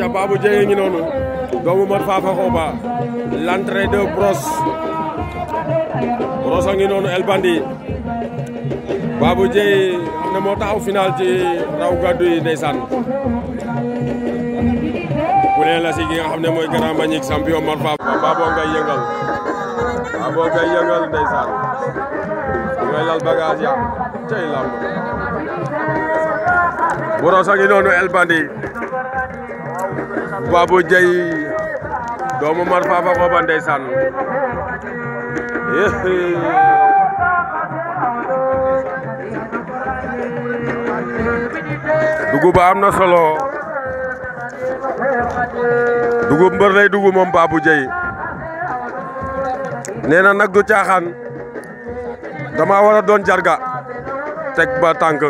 ca babu jeye ngi noonu doomu mat fa Xoba l'entrée de bros bros ngi nonu El Bandi babu jeye amna ne taxaw final ci raw gàddu yi ndeysaan bu leen la si gi nga xamne ne grand magnique champion mat fa Babou ngay yëngal Babou ngay yëngal ndeysaan ngay lal bagage ya tay lamb Borosa ngi nonu El Bandi Babou Dieye doomu Mar Fafa Koba ndeysaan Dugu ba am na solo dugub mbër lay dugub mom babu Dieye neena nak du caaxaan dama wara don jarga tek ba tank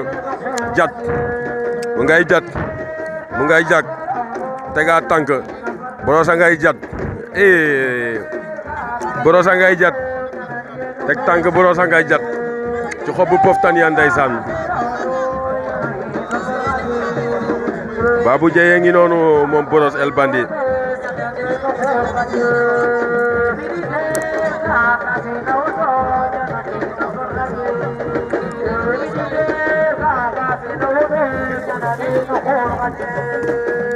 jat mu ngay jat mu ngay jak tegaat tangke borosa ngay jat eh, borosa ngay jat tek tangke borosa ngay jat ci xobu poftan ya ndaysan babu jeye ngi nonu mom boros el bandi Thank you.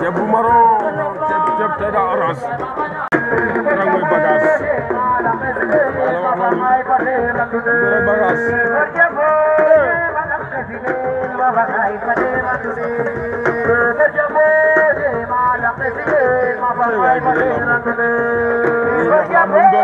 ceeb bu marron ceeb ceeb tey daa orange rek mooy bagage wala wax loolu rek bagage Thank you.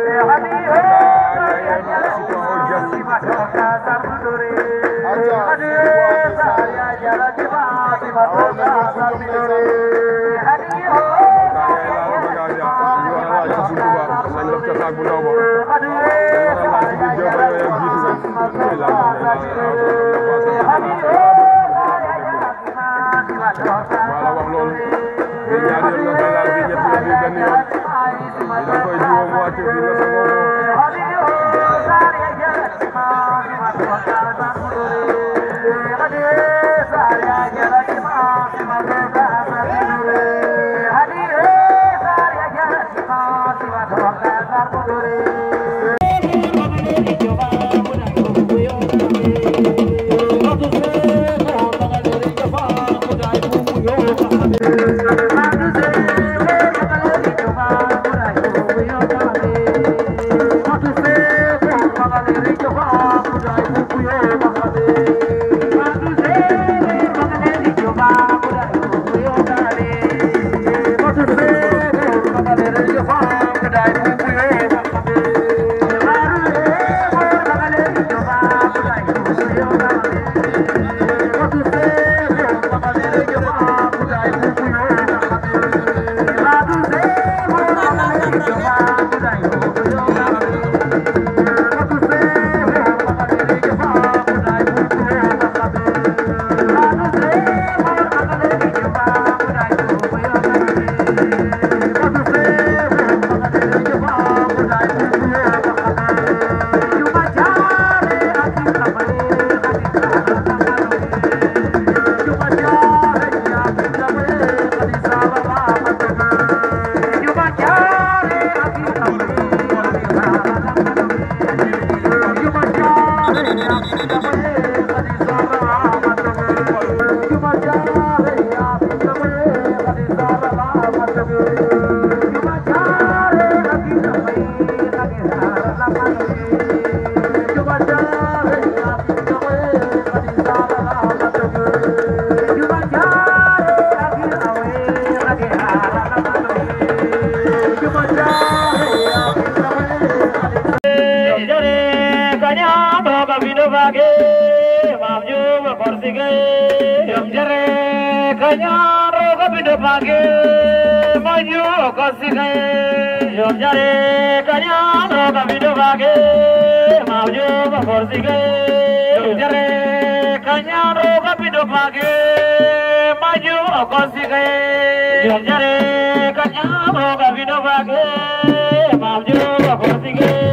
Ajay. Bye. Jangan yorjare kanyam roga video bage maujo kosike yorjare kanyam roga video bage maju kosike yorjare kanyam roga video bage maujo kosike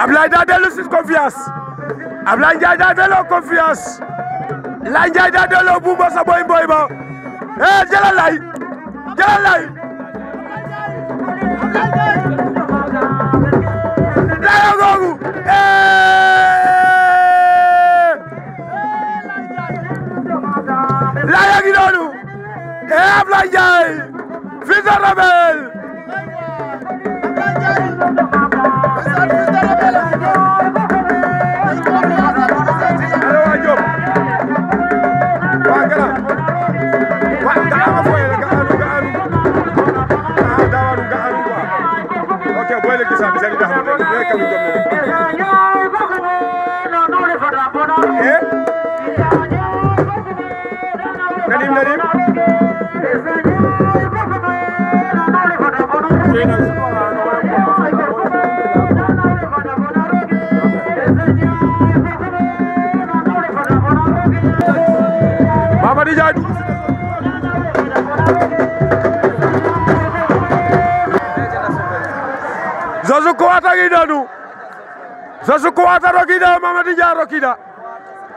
Abdoulaye de Diallo lose confiance Abdoulaye Daouda Diallo confiance de Daouda Diallo bu mbosa boy boy ba eh jëlal lay jëlal lay laye googu eh Ndiaye fils de Rebel ah, eh? Nadim, Nadim. Mamady Ndiaye dugg si Zazu Kowata gi daanu Zazu Kowata Rokida Mamady Ndiaye Rokida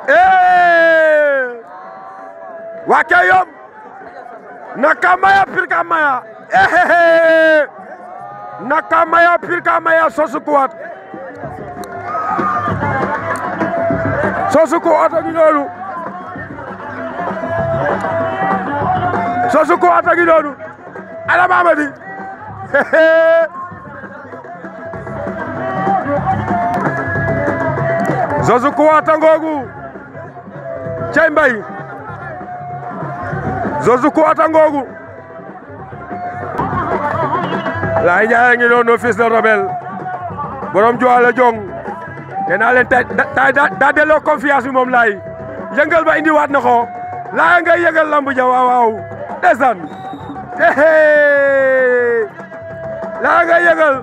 ee wa ke yom na kamaya pir kamaya ehehe naka maya pir ka maya sosukuwat sosuku oto gi noonu sosuku oto gi noonu ala mamadi sosuku oto ngoogu cey mbay sosuku oto ngoogu Laye Ndiaye ngi noonu fils de rebelle borom Joal Jong nee naa leen tay daa delloo confiance bi moom Laye yëngal ba indiwaat na ko Laye ngay yëngal waaw waaw ndeysaan Laye ngay yëngal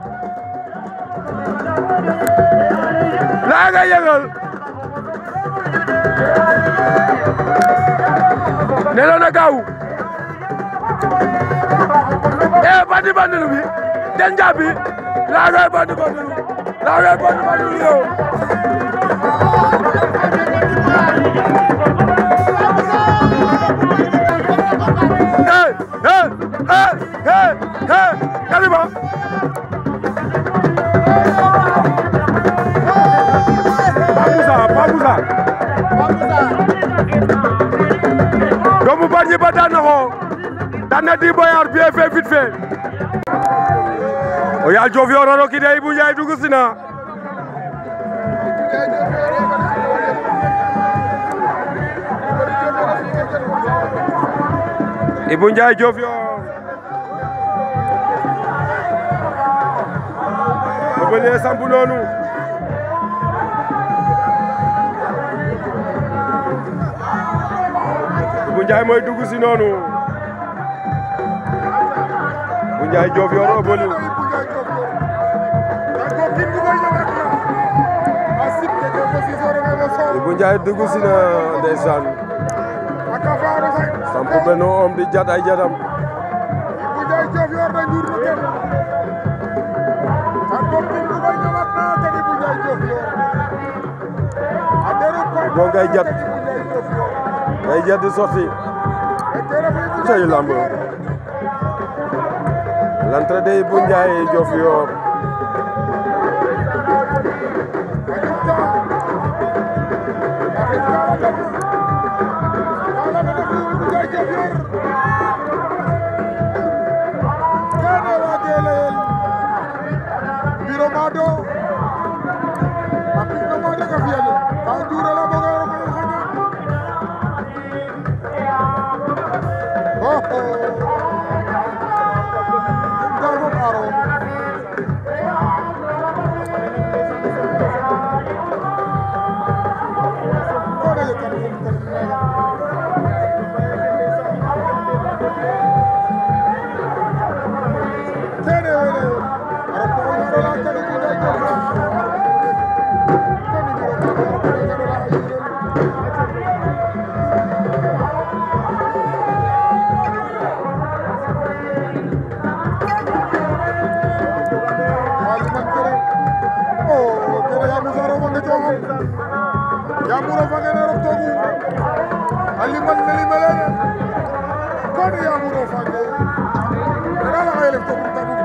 Laye ngay yëngal nee na eh, bandi bandi lu janjabi laarooy bondu ko dulu laarooy bondu ko dulu yo hey hey hey hey hey Kaliba Pabuza Pabuza Pabuza doomu Bargny ba daan na ko daan na di boyar bien fait vite fait o yaal Diofior a rokida Ibou Ndiaye si na Ibou Ndiaye o bele sampu noonu Ibou mooy dugg si noonu Ibou Ndiaye o belu ibu Ndiaye dugg si na ndeysaan samp om di jat ay jatam Ibou Ndiaye jëf yor na njur na kenn tan ko bin du bay ñëwaat naa te Ibou Ndiaye jëf yor adere ko bo ngay ngay di sorti cey l'entrée de ibu Ndiaye jëf yor Thank you. Yamuro Fangene rok togu aliman meli melene kon Yamuro Fangene dara la xelef togu tagu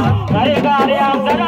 रे